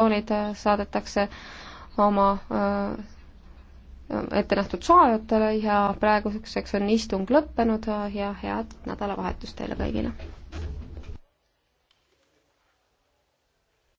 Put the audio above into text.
koolid äh, saadetakse oma äh, ettenähtud soojatele ja praeguseks on istung lõppenud äh, ja head nädalavahetust teile kõigile!